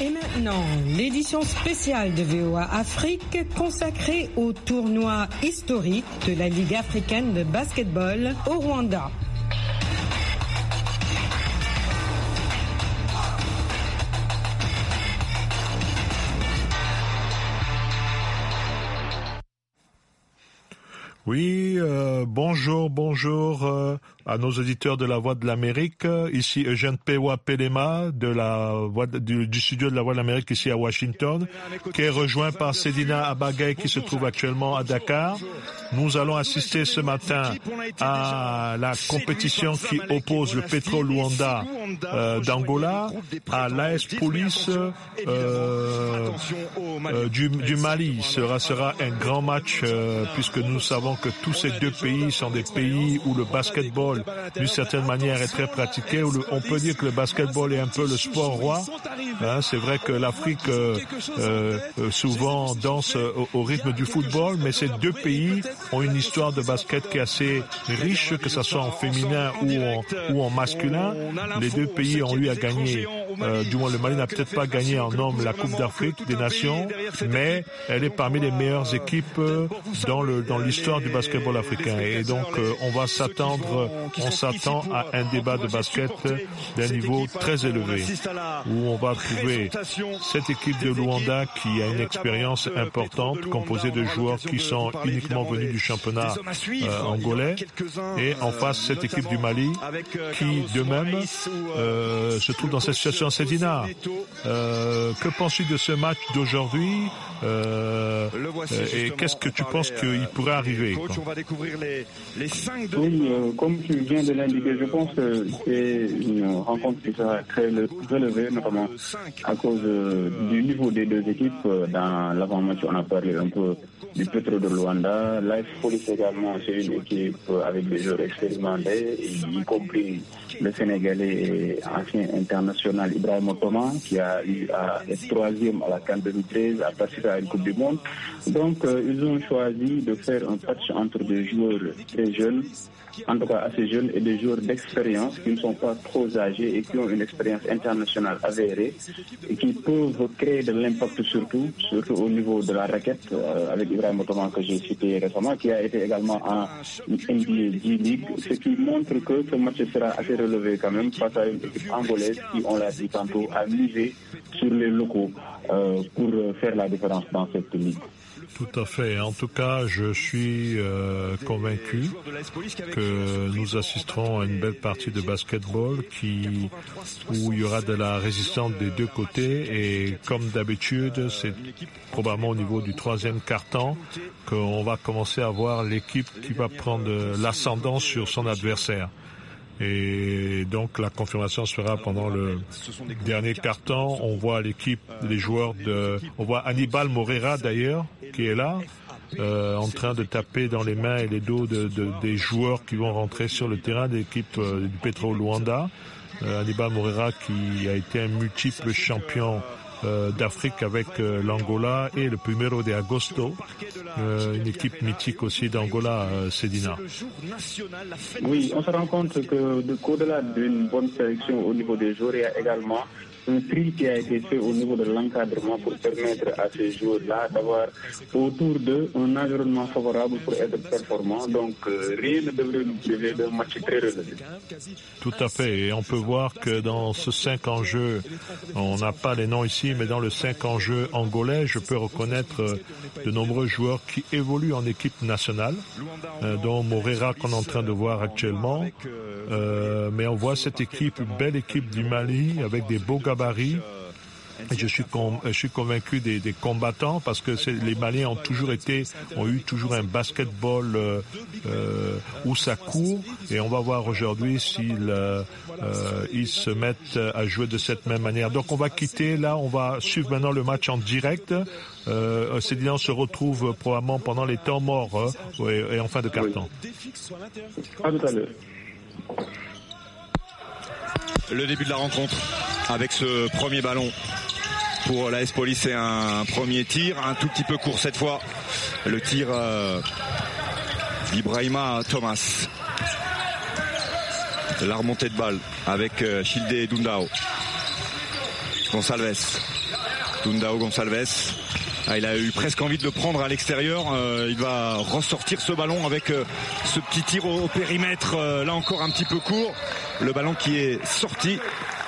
Et maintenant, l'édition spéciale de VOA Afrique consacrée au tournoi historique de la Ligue africaine de basketball au Rwanda. Oui, euh, bonjour, bonjour. Euh, à nos auditeurs de la Voix de l'Amérique. Ici Eugène Pewa Pelema de la Voix du, studio de la Voix de l'Amérique ici à Washington, qui est rejoint par Sedina Abagay qui se trouve actuellement à Dakar. Nous allons assister ce matin à la compétition qui oppose le pétrole Luanda euh, d'Angola à l'AS Police euh, euh du, Mali. Sera, sera un grand match euh, puisque nous savons que tous ces deux pays sont des pays où le basketball d'une certaine manière, est très pratiqué. On peut dire que le basketball est un peu le sport roi. Hein, c'est vrai que l'Afrique euh, euh, euh, souvent danse au, rythme du football, mais ces deux pays ont une histoire de basket qui est assez riche, que ce soit en féminin ou en, masculin. Les deux pays ont eu à gagner, du moins le Mali n'a peut-être pas gagné en homme la Coupe d'Afrique des Nations, mais elle est parmi les meilleures équipes dans l'histoire dans du basketball africain. Et donc on va s'attendre on s'attend à un euh, débat de basket d'un niveau très élevé, où on va trouver cette équipe de Luanda qui a une expérience importante, composée de joueurs qui sont uniquement venus du championnat euh, angolais, et en euh, face cette équipe du Mali qui, de même, se trouve dans cette situation à Sédina. que penses-tu de ce match d'aujourd'hui Et qu'est-ce que tu penses qu'il pourrait arriver de l'indiquer, je pense que c'est une rencontre qui sera très relevée, notamment à cause euh, du niveau des deux équipes. Euh, dans l'avant-match, on a parlé un peu du pétrole de Luanda. Life Police également, c'est une équipe avec des joueurs expérimentés, y compris le Sénégalais et ancien international Ibrahim Ottoman, qui a eu à être troisième à la CAN 2013, à participer à une Coupe du Monde. Donc, euh, ils ont choisi de faire un patch entre des joueurs très jeunes en tout cas assez jeunes et des joueurs d'expérience qui ne sont pas trop âgés et qui ont une expérience internationale avérée et qui peuvent créer de l'impact surtout, surtout au niveau de la raquette euh, avec Ibrahim Ottoman que j'ai cité récemment qui a été également en NBA G-League, ce qui montre que ce match sera assez relevé quand même face à une équipe angolaise qui, on l'a dit tantôt, a misé sur les locaux euh, pour faire la différence dans cette ligue. Tout à fait. En tout cas, je suis euh, convaincu euh, que nous assisterons à une belle partie de basketball qui, où il y aura de la résistance des deux côtés. Et comme d'habitude, euh, c'est probablement au niveau du troisième carton qu'on va commencer à voir l'équipe qui va prendre l'ascendant sur son adversaire. Et donc la confirmation sera pendant le dernier quart temps On voit l'équipe, euh, les joueurs de, on voit Hannibal Morera d'ailleurs qui est là, euh, en train de taper dans les mains et les dos de, de, des joueurs qui vont rentrer sur le terrain de l'équipe euh, du Petro Luanda. Euh, Hannibal Morera qui a été un multiple champion euh, d'Afrique avec euh, l'Angola et le Pumero de Agosto, euh, une équipe mythique aussi d'Angola, Sedina. Oui, on se rend compte qu'au-delà d'une bonne sélection au niveau des joueurs, il y a également un tri qui a été fait au niveau de l'encadrement pour permettre à ces joueurs-là d'avoir autour d'eux un environnement favorable pour être performants. Donc rien ne devrait nous priver d'un match très relevé. Tout à fait. Et on peut voir que dans ce cinq enjeux on n'a pas les noms ici, mais dans le 5 en jeu angolais, je peux reconnaître euh, de nombreux joueurs qui évoluent en équipe nationale, euh, dont Morera qu'on est en train de voir actuellement. Euh, mais on voit cette équipe, belle équipe du Mali, avec des beaux gabarits, je suis, convaincu des, combattants parce que les Maliens ont toujours été, ont eu toujours un basketball euh, euh, où ça court et on va voir aujourd'hui s'ils euh, se mettent à jouer de cette même manière. Donc on va quitter là, on va suivre maintenant le match en direct. Euh, on se retrouve probablement pendant les temps morts hein, et, en fin de carton. le début de la rencontre avec ce premier ballon pour l'AS Police. C'est un premier tir, un tout petit peu court cette fois. Le tir d'Ibrahima euh, Thomas. La remontée de balle avec Schilde euh, Childe Dundao. Gonçalves Dundao Gonsalves. Ah, il a eu presque envie de le prendre à l'extérieur. Euh, il va ressortir ce ballon avec ce petit tir au, périmètre, là encore un petit peu court. Le ballon qui est sorti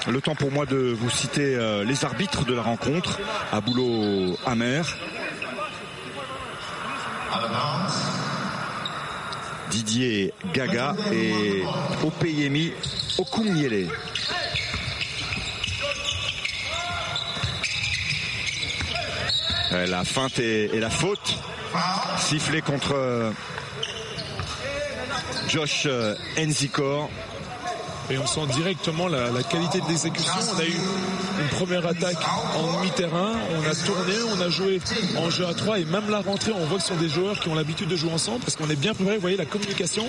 le temps pour moi de vous citer euh, les arbitres de la rencontre à boulot amer. Didier Gaga et Opeyemi Okumyele. Euh, la feinte et, la faute sifflée contre euh, Josh Enzicor et on sent directement la, qualité de l'exécution. On a eu une première attaque en mi terrain on a tourné, on a joué en jeu à 3 et même la rentrée, on voit que ce sont des joueurs qui ont l'habitude de jouer ensemble parce qu'on est bien préparé, vous voyez la communication.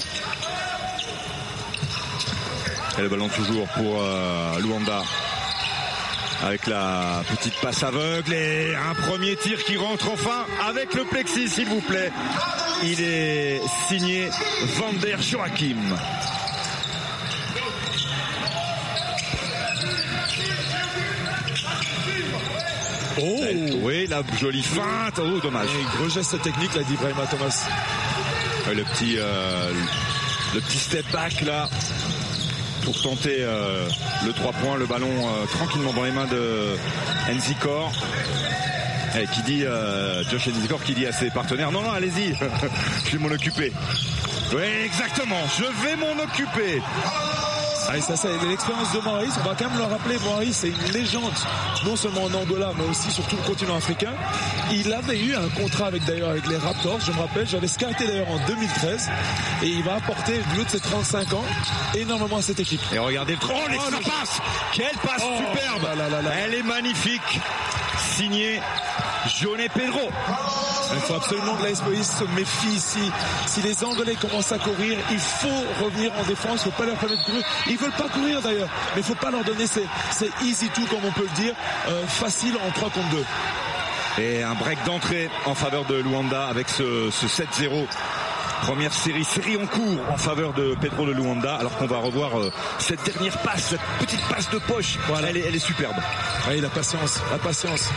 Et le ballon toujours pour euh, Luanda avec la petite passe aveugle et un premier tir qui rentre enfin avec le plexi s'il vous plaît. Il est signé Vander der Oh. Oui, la jolie feinte. Oh, dommage. gros geste technique, l'a là, Brahima Thomas. Euh, le petit, euh, le petit step back, là, pour tenter euh, le 3 points, le ballon tranquillement dans les mains de Enzicor. Et eh, qui dit, Josh Enzicor, qui dit à ses partenaires, non, non, allez-y, je vais m'en occuper. Oui, exactement, je vais m'en occuper ça, c'est l'expérience de Maurice. On va quand même le rappeler, Maurice c'est une légende, non seulement en Angola, mais aussi sur tout le continent africain. Il avait eu un contrat avec d'ailleurs avec les Raptors, je me rappelle, j'avais scarté d'ailleurs en 2013. Et il va apporter, du de ses 35 ans, énormément à cette équipe. Et regardez le Oh, oh passe Quelle passe oh, superbe Elle est magnifique Signé Joné Pedro. Il faut absolument que la SPI se méfie ici. Si les Anglais commencent à courir, il faut revenir en défense. Il ne faut pas leur permettre de courir. Ils veulent pas courir d'ailleurs, mais il ne faut pas leur donner ces, easy to, comme on peut le dire, euh, facile en 3 contre 2. Et un break d'entrée en faveur de Luanda avec ce, ce 7-0. Première série, série en cours en faveur de Pedro de Luanda, alors qu'on va revoir euh, cette dernière passe, cette petite passe de poche. Voilà. Elle, est, elle est superbe. la patience, la patience.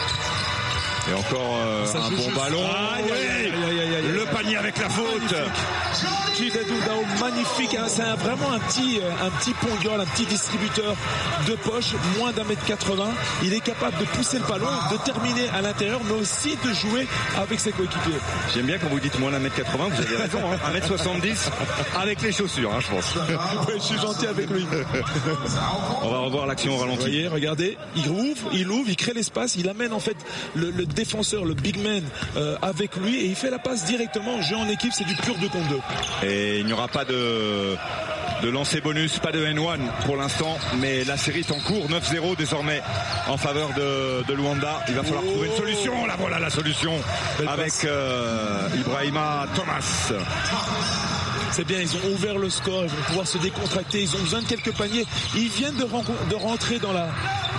Et encore euh, un bon ballon avec la faute. magnifique. Hein, c'est vraiment un petit, euh, un petit un petit distributeur de poche, moins d'un mètre 80. Il est capable de pousser le ballon, de terminer à l'intérieur, mais aussi de jouer avec ses coéquipiers. J'aime bien quand vous dites moins d'un mètre 80, vous avez raison. Hein. Un mètre 70 avec les chaussures, hein, je pense. je suis gentil avec lui. On va revoir l'action au ralenti. regardez, il ouvre, il ouvre, il crée l'espace, il amène en fait le, défenseur, le big man euh, avec lui et il fait la passe directement en équipe, c'est du pur 2 contre 2. Et il n'y aura pas de, de lancer bonus, pas de N1 pour l'instant, mais la série est en cours, 9-0 désormais en faveur de, de, Luanda. Il va falloir trouver une oh. solution, la voilà la solution, avec euh, Ibrahima Thomas. C'est bien, ils ont ouvert le score, ils vont pouvoir se décontracter, ils ont besoin de quelques paniers. Ils viennent de, de rentrer dans la,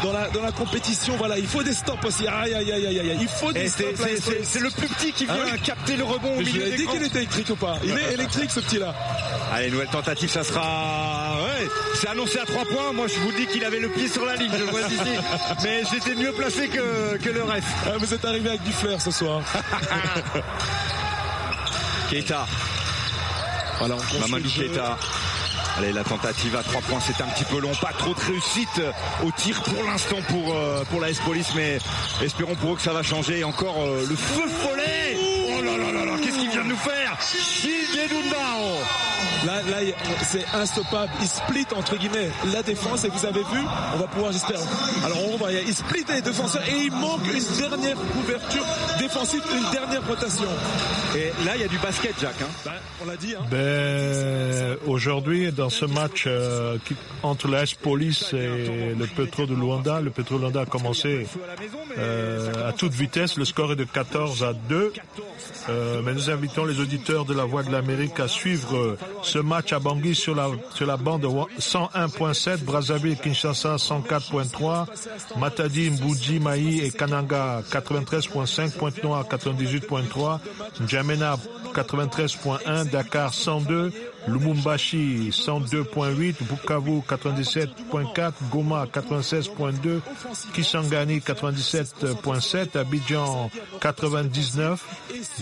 dans la, compétition. Voilà, il faut des stops aussi. Aïe, aïe, aïe, aïe, Il faut des eh, stops. C'est le plus petit qui ah vient capter le rebond au milieu. Je dit qu'il était électrique ou pas. Il est électrique, ce petit-là. Allez, nouvelle tentative, ça sera. Ouais, c'est annoncé à 3 points. Moi, je vous dis qu'il avait le pied sur la ligne, je le vois ici. Mais j'étais mieux placé que, le reste. Ah, vous êtes arrivé avec du fleur ce soir. Keita. Voilà, on Keita. Allez, la tentative à 3 points, c'est un petit peu long. Pas trop de réussite au tir pour l'instant pour, euh, pour la S-Police, mais espérons pour eux que ça va changer. Et encore euh, le feu follet Là, c'est instoppable. Il split entre guillemets la défense et vous avez vu, on va pouvoir j'espère. Alors on va, il split les défenseurs et il manque une dernière couverture défensive, une dernière rotation. Et là, il y a du basket, Jacques. Ben, on l'a dit. Hein. Ben, aujourd'hui, dans ce match entre euh, qui, entre l'AS Police et le Petro de Luanda, le Petro de Luanda a commencé à euh, toute vitesse. Le score est de 14 à 2. Euh, mais nous invitons les auditeurs de la Voix de l'Amérique à suivre euh, ce match à Bangui sur la, sur la bande 101.7, Brazzaville, Kinshasa 104.3, Matadi, Mbouji, Maï et Kananga 93.5, Pointe-Noire 98.3, Njamena 93.1, Dakar 102, Lumumbashi 102.8, Bukavu 97.4, Goma 96.2, Kisangani 97.7, Abidjan 99,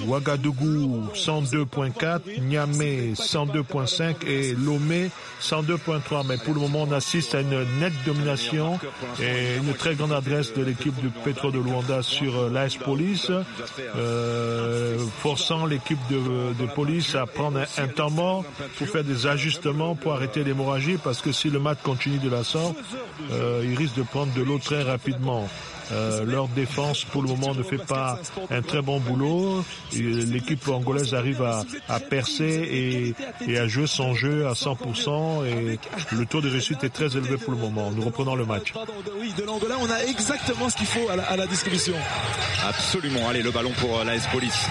Ouagadougou 102.4, Niamey 102.5 et Lomé 102.3. Mais pour le moment, on assiste à une nette domination et une très grande adresse de l'équipe du Pétro de Luanda sur euh, l'AS Police, euh, forçant l'équipe de, police à prendre un temps mort pour faire des ajustements, pour arrêter l'hémorragie, parce que si le match continue de la sorte, euh, ils risquent de prendre de l'eau très rapidement. Euh, leur défense pour le moment ne fait pas un très bon boulot. L'équipe angolaise arrive à, percer et, à jouer son jeu à 100% et le taux de réussite est très élevé pour le moment. Nous reprenons le match. Oui, de l'Angola, on a exactement ce qu'il faut à la, à la distribution. Absolument. Allez, le ballon pour l'AS Police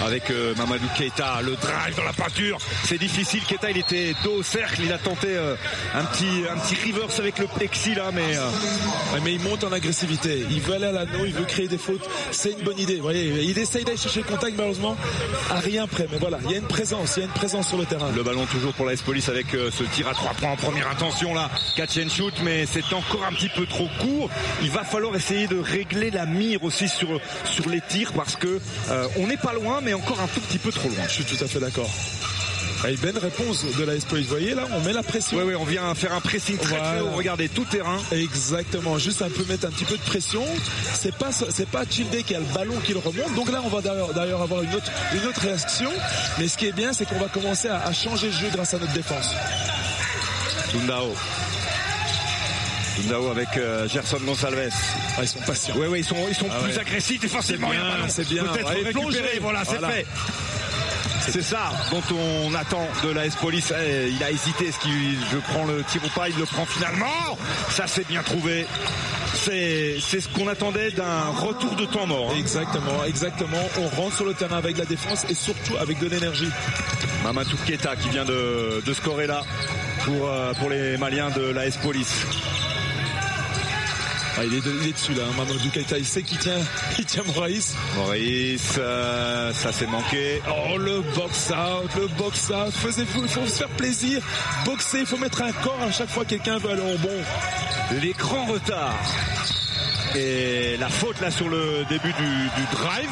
avec euh, Mamadou Keita. Le drive dans la peinture, c'est difficile. Keita, il était dos au cercle, il a tenté euh, un petit un petit reverse avec le plexi là, hein, mais euh, mais il monte en agressivité. Il veut aller à l'anneau, il veut créer des fautes. C'est une bonne idée. voyez, il essaye d'aller chercher le contact, malheureusement à rien près. Mais voilà, il y a une présence, il y a une présence sur le terrain. Le ballon toujours pour la S Police avec ce tir à trois points en première intention là, catch and shoot, mais c'est encore un petit peu trop court. Il va falloir essayer de régler la mire aussi sur sur les tirs parce que on n'est pas loin, encore un tout petit peu trop loin. Je suis tout à fait d'accord. Et belle réponse de la Espoir. Vous voyez là, on met la pression. Oui, oui, on vient faire un pressing très, voilà. Regardez, tout terrain. Exactement. Juste un peu mettre un petit peu de pression. C'est pas, c'est pas Childé qui a le ballon qui le remonte. Donc là, on va d'ailleurs avoir une autre, une autre réaction. Mais ce qui est bien, c'est qu'on va commencer à, changer le jeu grâce à notre défense. Tundao avec euh, Gerson Gonsalves. Ah, ils sont patients. Oui, oui, ils sont, ils sont ah plus agressifs forcément, c'est bien. Peut-être plongé, voilà, c'est fait. C'est ça dont on attend de la S-Police. Eh, il a hésité, ce qu'il je prends le tir ou pas Il le prend finalement. Ça c'est bien trouvé. C'est ce qu'on attendait d'un retour de temps mort. Hein. Exactement, exactement. On rentre sur le terrain avec la défense et surtout avec de l'énergie. Mamatou Keta qui vient de, de scorer là pour, euh, pour les Maliens de la S-Police. Ah, il, est, dessus là, hein, Mamadou il sait qu'il tient, il tient Moraïs. Maurice, euh, ça s'est manqué. Oh le box out, le box out, vous il faut se faire plaisir, boxer, il faut mettre un corps à chaque fois que quelqu'un veut aller en bon. L'écran retard. Et la faute là sur le début du, drive.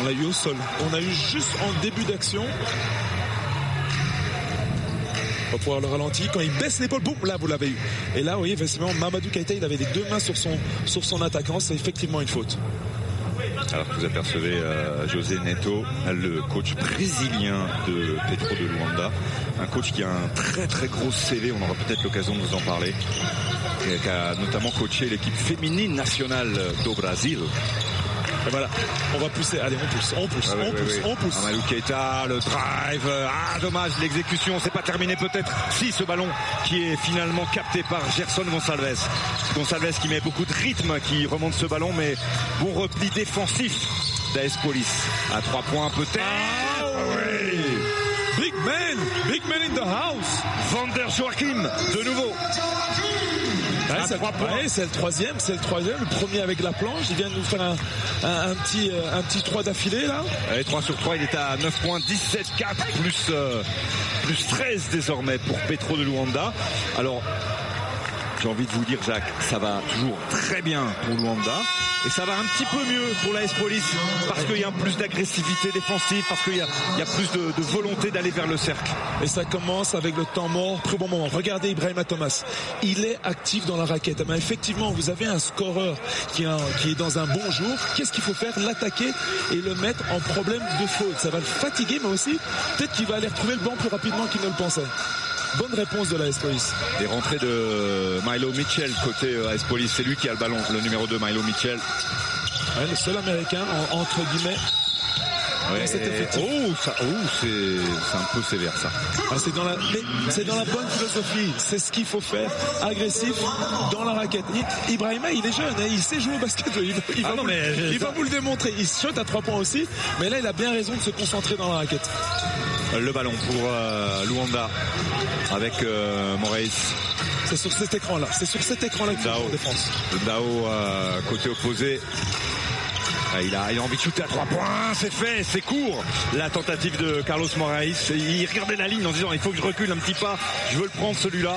on l'a eu au sol. On a eu juste en début d'action pour va pouvoir le ralentir Quand il baisse l'épaule, boum, là, vous l'avez eu. Et là, oui, effectivement, Mamadou Keita, il avait les deux mains sur son, sur son attaquant. C'est effectivement une faute. Alors que vous apercevez euh, José Neto, le coach brésilien de Petro de Luanda, un coach qui a un très très gros CV, on aura peut-être l'occasion de vous en parler, qui a notamment coaché l'équipe féminine nationale do Brésil on va pousser. Allez, on pousse, on pousse, ah on, pousse on pousse, le drive. Ah, dommage, l'exécution, c'est pas terminé peut-être. Si ce ballon qui est finalement capté par Gerson Gonsalves. Gonsalves qui met beaucoup de rythme, qui remonte ce ballon, mais bon repli défensif d'AS Police. À trois points peut-être. Ah, ah Big man, big man in the house. Vander Joachim, de nouveau c'est le troisième, c'est le troisième, le premier avec la planche. Il vient de nous faire un, petit, un petit 3 euh, d'affilée là. Allez 3 sur 3, il est à 9 points, 17-4 plus, euh, plus 13 désormais pour Petro de Luanda. Alors, j'ai envie de vous dire Jacques, ça va toujours très bien pour Luanda. Et ça va un petit peu mieux pour la S Police parce qu'il y a plus d'agressivité défensive, parce qu'il y, a plus de, volonté d'aller vers le cercle. Et ça commence avec le temps mort, très bon moment. Regardez Ibrahima Thomas. Il est actif dans la raquette. Mais ah ben, effectivement, vous avez un scoreur qui, qui est dans un bon jour. Qu'est-ce qu'il faut faire L'attaquer et le mettre en problème de faute. Ça va le fatiguer, mais aussi peut-être qu'il va aller retrouver le banc plus rapidement qu'il ne le pensait. Bonne réponse de la S Police. Des rentrées de Milo Mitchell côté euh, s Police. C'est lui qui a le ballon, le numéro 2, Milo Mitchell. le seul américain, entre guillemets, ah, oh, oh, c'est un peu sévère ça. Ah, c'est dans la, bonne philosophie. C'est ce qu'il faut faire, agressif dans la raquette. Ibrahim Ibrahima, il est jeune, hein. il sait jouer au basket. Il, va, vous, le démontrer. Il à trois points aussi, mais là, il a bien raison de se concentrer dans la raquette. Le ballon pour euh, Luanda avec euh, Morais C'est sur cet écran-là. C'est sur cet écran-là que Dao, défense. Euh, côté opposé il, a, il a envie de shooter à trois points, c'est fait, c'est court. La tentative de Carlos Moraes, il regardait la ligne en disant il faut que je recule un petit pas, je veux le prendre celui-là.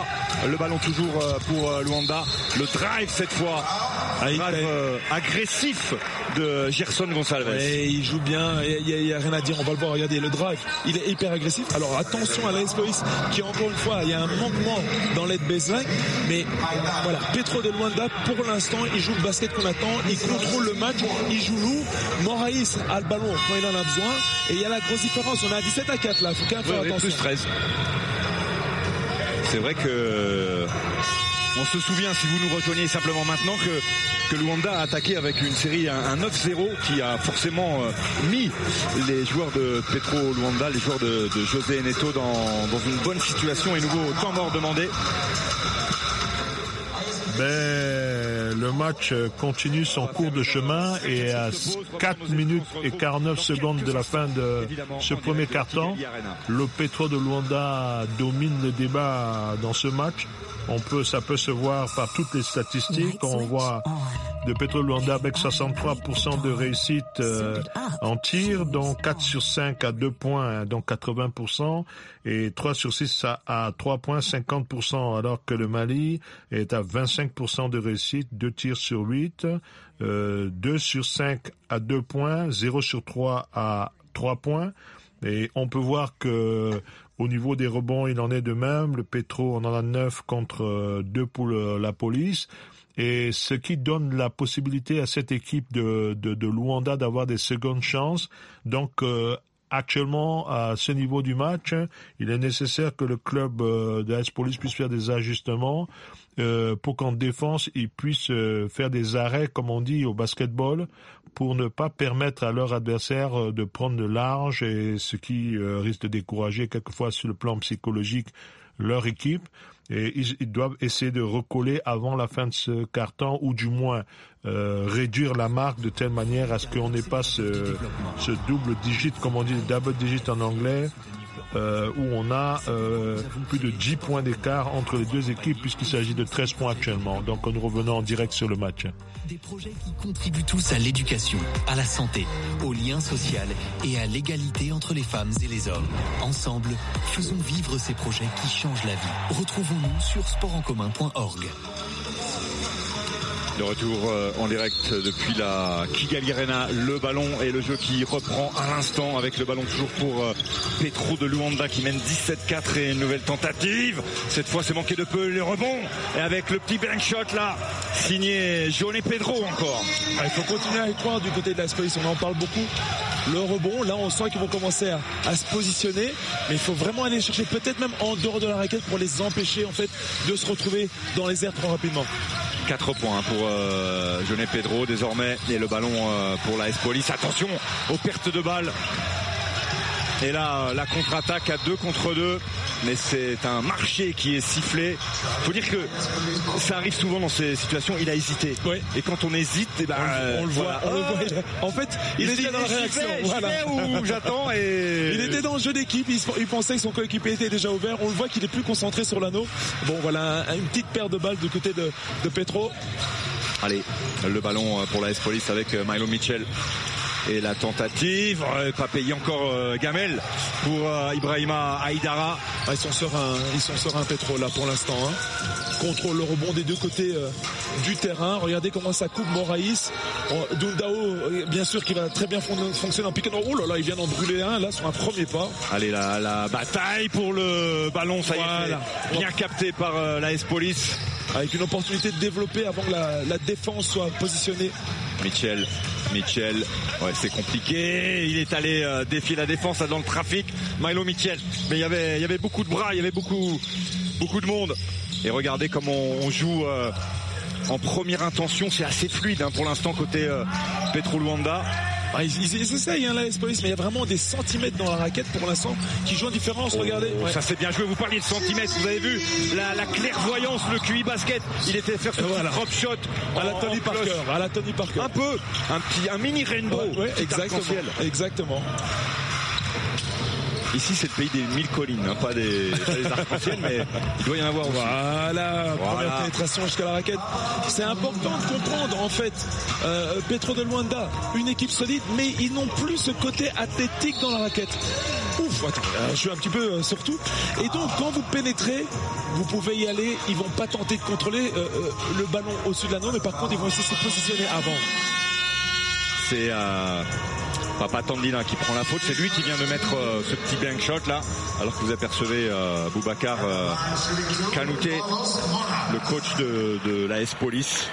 Le ballon toujours euh, pour euh, Luanda. Le drive cette fois, ah, euh, agressif de Gerson Gonçalves. il joue bien, il n'y a, rien à dire, on va le voir, regardez le drive, il est hyper agressif. Alors attention à la qui encore une fois, il y a un manquement dans l'aide Bézin, mais voilà, Petro de Luanda pour l'instant, il joue le basket qu'on attend, il contrôle le match, il joue Moraïs a le ballon quand il en a besoin. Et il y a la grosse différence. On a 17 à 4 là. Il faut quand même attention. 13. C'est vrai que euh, on se souvient, si vous nous rejoignez simplement maintenant, que, que Luanda a attaqué avec une série, un, 9-0 qui a forcément euh, mis les joueurs de Petro Luanda, les joueurs de, José Neto dans, une bonne situation et nouveau temps mort demandé. ben le match euh, continue son cours de chemin et à 4 minutes et 49 secondes de la fin de ce premier carton, le Petro de Luanda domine le débat dans ce match. On peut, ça peut se voir par toutes les statistiques. On voit de pétrole avec 63% de réussite euh, en tir, dont 4 sur 5 à 2 points, donc 80%, et 3 sur 6 à, à 3 points, 50%, alors que le Mali est à 25% de réussite, 2 tirs sur 8, euh, 2 sur 5 à 2 points, 0 sur 3 à 3 points. Et on peut voir que au niveau des rebonds, il en est de même. Le Petro, on en a neuf contre euh, deux pour la police. Et ce qui donne la possibilité à cette équipe de, de, de Luanda d'avoir des secondes chances. Donc, euh, actuellement, à ce niveau du match, hein, il est nécessaire que le club euh, de S Police puisse faire des ajustements. Euh, pour qu'en défense, ils puissent euh, faire des arrêts, comme on dit au basketball, pour ne pas permettre à leur adversaire euh, de prendre de large, et ce qui risque de décourager quelquefois sur le plan psychologique leur équipe. Et ils, doivent essayer de recoller avant la fin de ce carton ou du moins réduire la marque de telle manière à ce qu'on n'ait pas ce, ce double digit, comme on dit, double digit en anglais, euh, où on a euh, plus de 10 points d'écart entre les deux équipes puisqu'il s'agit de 13 points actuellement. Donc nous revenons en direct sur le match. Des projets qui contribuent tous à l'éducation, à la santé, au lien social et à l'égalité entre les femmes et les hommes. Ensemble, faisons vivre ces projets qui changent la vie. Retrouvons-nous sur sportencommun.org. De retour euh, en direct depuis la Kigali Arena, le ballon et le jeu qui reprend à l'instant avec le ballon toujours pour euh, Petro de Luanda qui mène 17-4 et une nouvelle tentative. Cette fois c'est manqué de peu les rebonds et avec le petit blank shot là, signé Johnny Pedro encore. Il faut continuer à y croire du côté de la Spice, on en parle beaucoup. Le rebond, là on sent qu'ils vont commencer à, à, se positionner, mais il faut vraiment aller chercher peut-être même en dehors de la raquette pour les empêcher en fait de se retrouver dans les airs trop rapidement. 4 points pour euh, Jeunet Pedro désormais et le ballon euh, pour la Espolis. Attention aux pertes de balles. Et là, la contre-attaque à 2 contre 2 mais c'est un marché qui est sifflé. il Faut dire que ça arrive souvent dans ces situations, il a hésité. Et quand on hésite, eh ben, on, le voit. En fait, il, était dans la réaction. j'attends Il était dans le jeu d'équipe, il, pensait que son coéquipier était déjà ouvert. On le voit qu'il est plus concentré sur l'anneau. Bon, voilà, une petite paire de balles du côté de, de Petro. Allez, le ballon pour la S-Police avec euh, Milo Mitchell et la tentative, euh, pas payé encore euh, Gamel pour euh, Ibrahima Aïdara. Ah, ils sont sereins, hein. ils sont sereins là pour l'instant. Hein. contre le rebond des deux côtés du terrain. Regardez comment ça coupe Moraïs. Oh, Dundao, bien sûr, qui va très bien fonctionner en pick and Oh là là, il vient d'en brûler un là sur un premier pas. Allez, la, la bataille pour le ballon, ça y est, bien capté par la S-Police. Avec une opportunité de développer avant que la, défense soit positionnée. Michel Mitchell, ouais, c'est compliqué. Il est allé euh, défier la défense dans le trafic. Milo Mitchell, mais il y avait, y avait beaucoup de bras, il y avait beaucoup, beaucoup de monde. Et regardez comment on, joue. Euh, en première intention, c'est assez fluide hein, pour l'instant côté euh, Petro Luanda. Ah, ils, essayent, hein, la Police, mais il y a vraiment des centimètres dans la raquette pour l'instant qui jouent en différence. Oh, regardez. Ça c'est bien je joué. Vous parler de centimètres. Vous avez vu la, clairvoyance, le QI basket. Il était faire ce voilà. drop shot à la Tony Parker. À la Tony Parker. Un peu, un petit, un mini rainbow. exactement. Exactement. Ici, c'est le pays des mille collines, hein. pas des, arcs en mais il doit y en avoir aussi. Voilà, première pénétration jusqu'à la raquette. C'est important de comprendre, en fait, euh, Petro de Luanda, une équipe solide, mais ils n'ont plus ce côté athlétique dans la raquette. Ouf, attends, euh, je suis un petit peu euh, surtout. Et donc, quand vous pénétrez, vous pouvez y aller. Ils vont pas tenter de contrôler le ballon au-dessus de la l'anneau, mais par contre, ils vont essayer de se positionner avant c'est euh, Papa Tandina qui prend la faute. C'est lui qui vient de mettre euh, ce petit bank shot là, alors que vous apercevez euh, Boubacar Kanouté, le coach de, la s Police,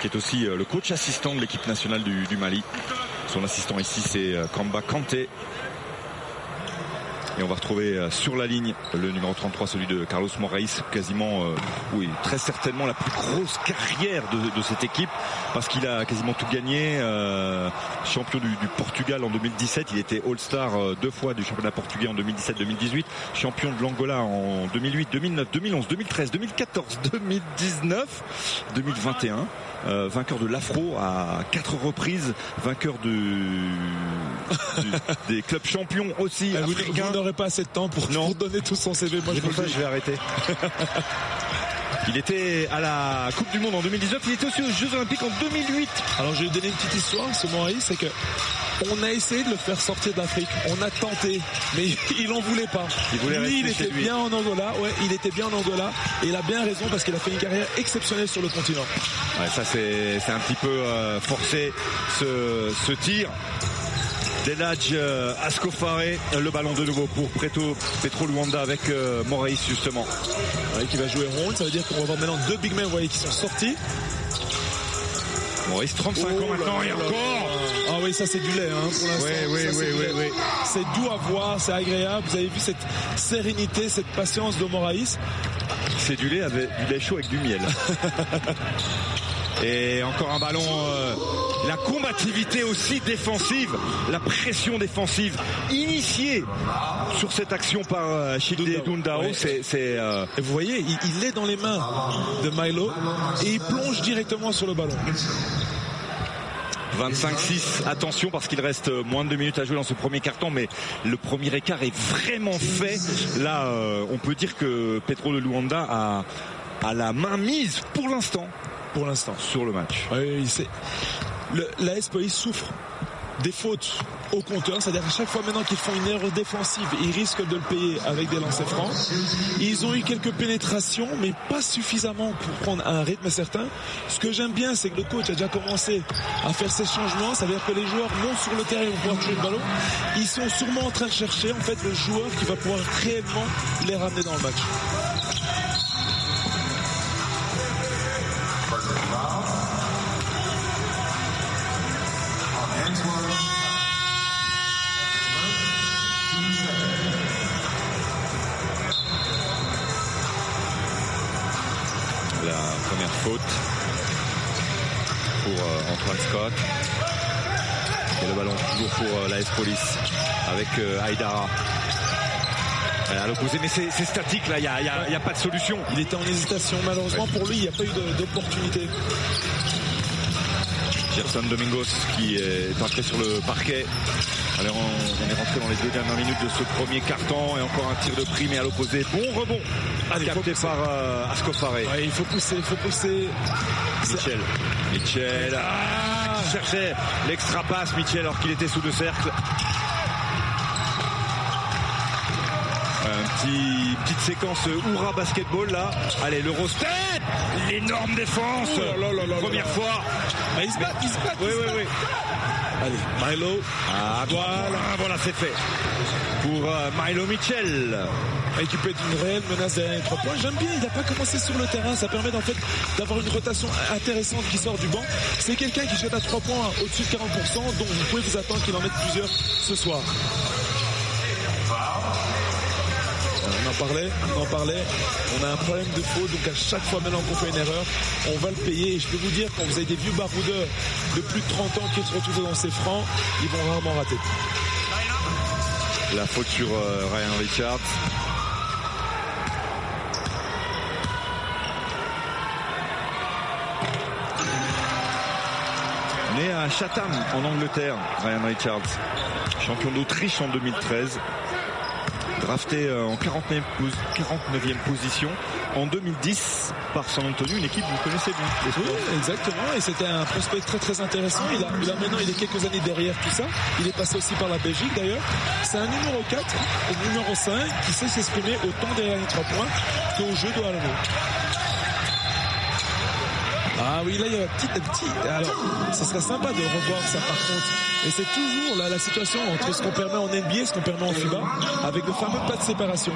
qui est aussi le coach assistant de l'équipe nationale du, du Mali. Son assistant ici c'est Kamba Kanté, et on va retrouver sur la ligne le numéro 33, celui de Carlos Moraes, quasiment, oui, très certainement la plus grosse carrière de, cette équipe, parce qu'il a quasiment tout gagné. champion du, du, Portugal en 2017, il était All-Star deux fois du championnat portugais en 2017-2018, champion de l'Angola en 2008, 2009, 2011, 2013, 2014, 2019, 2021. Euh, vainqueur de l'Afro à quatre reprises, vainqueur de, des clubs champions aussi. Ah, vous n'aurez pas assez de temps pour, non. donner tout son CV. Moi, je, je vais arrêter. Il était à la Coupe du Monde en 2019. Il était aussi aux Jeux Olympiques en 2008. Alors, je vais donner une petite histoire, ce moment-là, c'est que on a essayé de le faire sortir d'Afrique. On a tenté, mais il n'en voulait pas. Il lui, il était bien en Angola. Ouais, il était bien en Angola. Et il a bien raison parce qu'il a fait une carrière exceptionnelle sur le continent. ça c'est un petit peu euh, forcé ce tir d'Eladj euh, Ascofaré. Euh, le ballon de nouveau pour Preto Petro Luanda avec euh, Morais justement. qui va jouer rond, ça veut dire qu'on va avoir maintenant deux big men qui sont sortis. Maurice, 35 ans maintenant et encore Ah oui, ça c'est du lait hein, Oui, oui, oui, oui, C'est doux à voir, c'est agréable. Vous avez vu cette sérénité, cette patience de Morais. C'est du lait avec du lait chaud avec du miel. Et encore un ballon. Euh, la combativité aussi défensive, la pression défensive initiée sur cette action par euh, C'est, euh, Vous voyez, il, est dans les mains de Milo et il plonge directement sur le ballon. 25-6, attention parce qu'il reste euh, moins de 2 minutes à jouer dans ce premier carton, mais le premier écart est vraiment fait. Là, on peut dire que Pedro de Luanda a, a la main mise pour l'instant pour l'instant sur le match. Oui, c'est la SPI souffre des fautes au compteur, c'est-à-dire à chaque fois maintenant qu'ils font une erreur défensive, ils risquent de le payer avec des lancers francs. Ils ont eu quelques pénétrations, mais pas suffisamment pour prendre un rythme certain. Ce que j'aime bien, c'est que le coach a déjà commencé à faire ses changements, c'est-à-dire que les joueurs non sur le terrain vont pouvoir jouer le ballon. Ils sont sûrement en train de chercher en fait le joueur qui va pouvoir réellement les ramener dans le match. Euh, la S Police avec euh, Aïdara. Euh, à l'opposé, mais c'est statique là, il n'y a, pas de solution. Il était en hésitation, malheureusement pour lui, il n'y a pas eu d'opportunité. Gerson Domingos qui est entré sur le parquet. Alors on, est rentré dans les deux dernières minutes de ce premier carton et encore un tir de prix mais à l'opposé. Bon rebond À ah, capté par il faut pousser, il faut pousser. Michel. Michel. Ah, cherchait l'extra passe, Michel, alors qu'il était sous le cercle. petite séquence Oura basketball là. Allez, le L'énorme défense Première fois bah, il se bat, il se bat Oui, oui, oui. Allez, Milo. Ah, voilà, voilà, c'est fait. Pour euh, Milo Mitchell et qui peut être une réelle menace derrière les trois points. J'aime bien, il n'a pas commencé sur le terrain. Ça permet en fait d'avoir une rotation intéressante qui sort du banc. C'est quelqu'un qui jette à trois points au-dessus de 40%, donc vous pouvez vous attendre qu'il en mette plusieurs ce soir. On en parlait, on en parlait. On a un problème de faute, donc à chaque fois maintenant qu'on fait une erreur, on va le payer. Et je peux vous dire, quand vous avez des vieux baroudeurs de plus de 30 ans qui se retrouvent dans ces francs, ils vont rarement rater. La faute sur euh, Ryan Richard Né à Chatham, en Angleterre, Ryan Richards. Champion d'Autriche en 2013. Drafté euh, en 49e, position en 2010 par San Antonio, une équipe que vous connaissez bien. Oui, exactement. Et c'était un prospect très très intéressant. Il a, maintenant il est quelques années derrière tout ça. Il est passé aussi par la Belgique d'ailleurs. C'est un numéro 4 et numéro 5 qui sait s'exprimer autant derrière les trois points qu'au jeu de Halo. Ah oui, là, il y a petit petit, petit. Alors, ce serait sympa de revoir ça par contre. Et c'est toujours la situation entre ce qu'on permet en NBA et ce qu'on permet en FIBA, avec le fameux pas de séparation.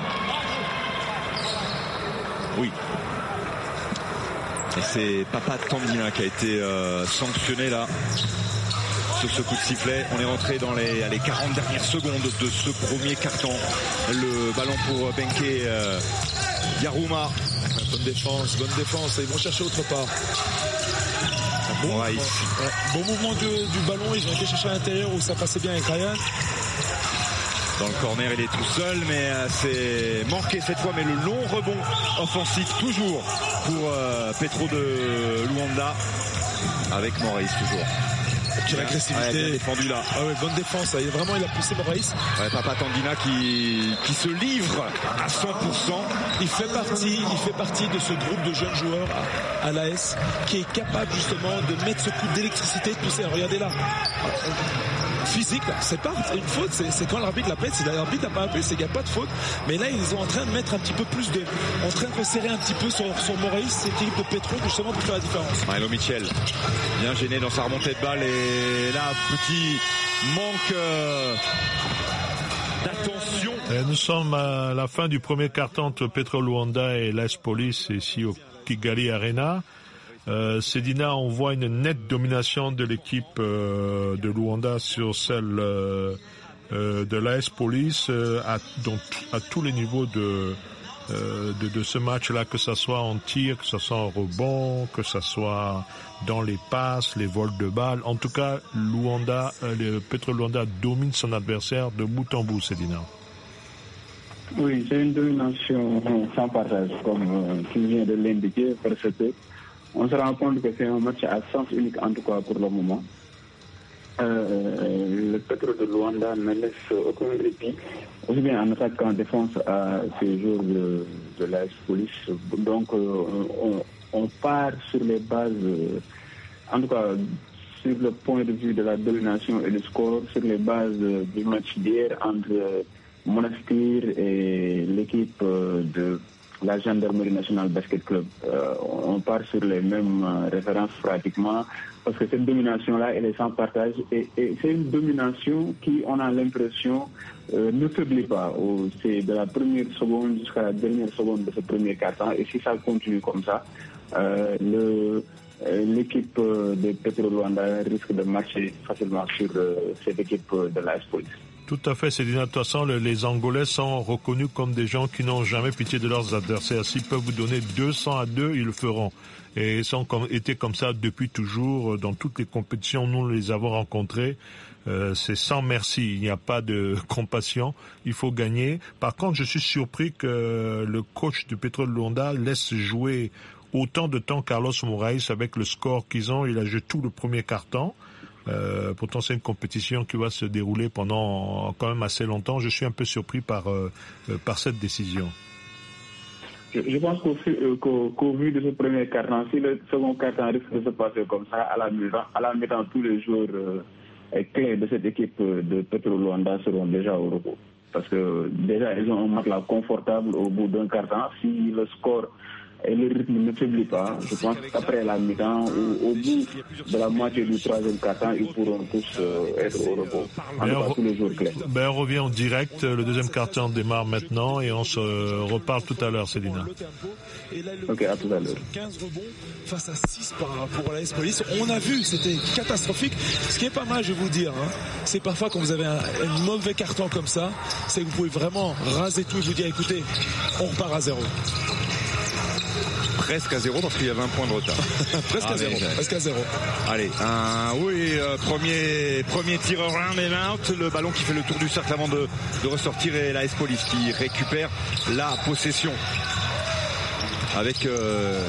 Oui. Et c'est Papa Tandina qui a été euh, sanctionné là sur ce coup de sifflet. On est rentré dans les, les 40 dernières secondes de ce premier carton. Le ballon pour Benke Yarouma euh, Yaruma Bonne défense, bonne défense. Ils vont chercher autre part. bon, mouvement du, ballon. Ils ont été chercher à l'intérieur où ça passait bien avec Ryan. Dans le corner, il est tout seul, mais euh, c'est manqué cette fois. Mais le long rebond offensif, toujours pour euh, Petro de Luanda, avec Maurice toujours. Quelle agressivité. Ouais, défendu là. Ah bonne défense. Il, vraiment, il a poussé Moraïs. Papa Tandina qui, se livre à 100%. Il fait partie, il fait partie de ce groupe de jeunes joueurs à l'AS qui est capable justement de mettre ce coup d'électricité, de pousser. Regardez là physique, c'est pas une faute, c'est quand l'arbitre l'appelle, si l'arbitre n'a pas appelé, c'est qu'il n'y a pas de faute. Mais là, ils sont en train de mettre un petit peu plus de, en train de serrer un petit peu sur, sur Moraïs, C'est équipe de Petro, justement pour faire la différence. Milo Michel, bien gêné dans sa remontée de balle et là, petit manque euh, d'attention. Nous sommes à la fin du premier carton entre Petro Luanda et Les Police ici au Kigali Arena. Euh, Sedina, on voit une nette domination de l'équipe euh, de Luanda sur celle euh, de l'AS Police à, tous les niveaux de, ce match-là, que ce soit en tir, que ce soit en rebond, que ce soit dans les passes, les vols de balles. En tout cas, Luanda, le Petro Luanda domine son adversaire de bout en bout, Sedina. Oui, c'est une domination sans passage, comme tu viens de l'indiquer, parce on se rend compte que c'est un match à sens unique, en tout cas pour le moment. Euh, euh, le pétrole de Luanda ne laisse aucun répit, aussi bien en attaque qu'en défense à ces jours de, de la police. Donc, euh, on, part sur les bases, en tout cas, sur le point de vue de la domination et du score, sur les bases du match d'hier entre Monastir et l'équipe de la gendarmerie nationale basket club. Euh, on part sur les mêmes euh, références pratiquement parce que cette domination-là, elle est sans partage et, c'est une domination qui, on a l'impression, euh, ne faiblit pas. C'est de la première seconde jusqu'à la dernière seconde de ce premier quart-temps et si ça continue comme ça, l'équipe de Petro Luanda risque de marcher facilement sur cette équipe de la Police. Tout à fait, c'est de toute façon, les Angolais sont reconnus comme des gens qui n'ont jamais pitié de leurs adversaires. S'ils peuvent vous donner 200 à 2, ils le feront. Et ils sont été comme ça depuis toujours, euh, dans toutes les compétitions, nous les avons rencontrés. Euh, c'est sans merci, il n'y a pas de compassion, il faut gagner. Par contre, je suis surpris que le coach du Pétrole Londa laisse jouer autant de temps Carlos Moraes avec le score qu'ils ont. Il a joué tout le premier carton. Euh, pourtant, c'est une compétition qui va se dérouler pendant quand même assez longtemps. Je suis un peu surpris par, euh, euh, par cette décision. Je, pense qu'au vu de ce premier quart carton, si le second quart carton risque de se passer comme ça, à la mi-temps, à la mi tous les jours clés de cette équipe de Petro Luanda seront déjà au repos. Parce que déjà, ils ont un matelas confortable au bout d'un quart carton. Si le score et le rythme ne faiblit pas. Je pense qu'après la mi-temps ou au bout de la moitié du troisième quart-temps, ils pourront tous euh, être au repos. on, tous les jours on revient en direct. Le deuxième quart-temps démarre maintenant et on se reparle tout à l'heure, Céline Ok, à tout à l'heure. 15 rebonds face à 6 pour la S-Police. On a vu, c'était catastrophique. Ce qui est pas mal, je vais vous dire, hein, c'est parfois quand vous avez un, un mauvais carton comme ça, c'est que vous pouvez vraiment raser tout et vous dire écoutez, on repart à zéro presque à zéro parce qu'il y avait un point de retard. presque à ah, zéro. Presque à zéro. Allez, un oui, euh, premier premier tireur round et out, le ballon qui fait le tour du cercle avant de, ressortir et la Police qui récupère la possession avec euh,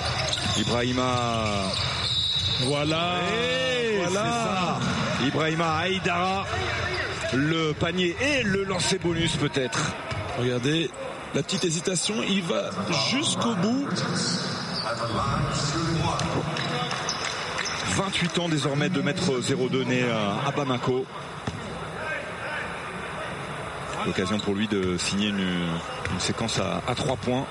Ibrahima. Voilà. Et voilà. Ibrahima Aïdara. Le panier et le lancer bonus peut-être. Regardez, la petite hésitation, il va jusqu'au bout. 28 ans désormais de mettre 0 donné à Bamako. L'occasion pour lui de signer une, séquence à, à 3 points.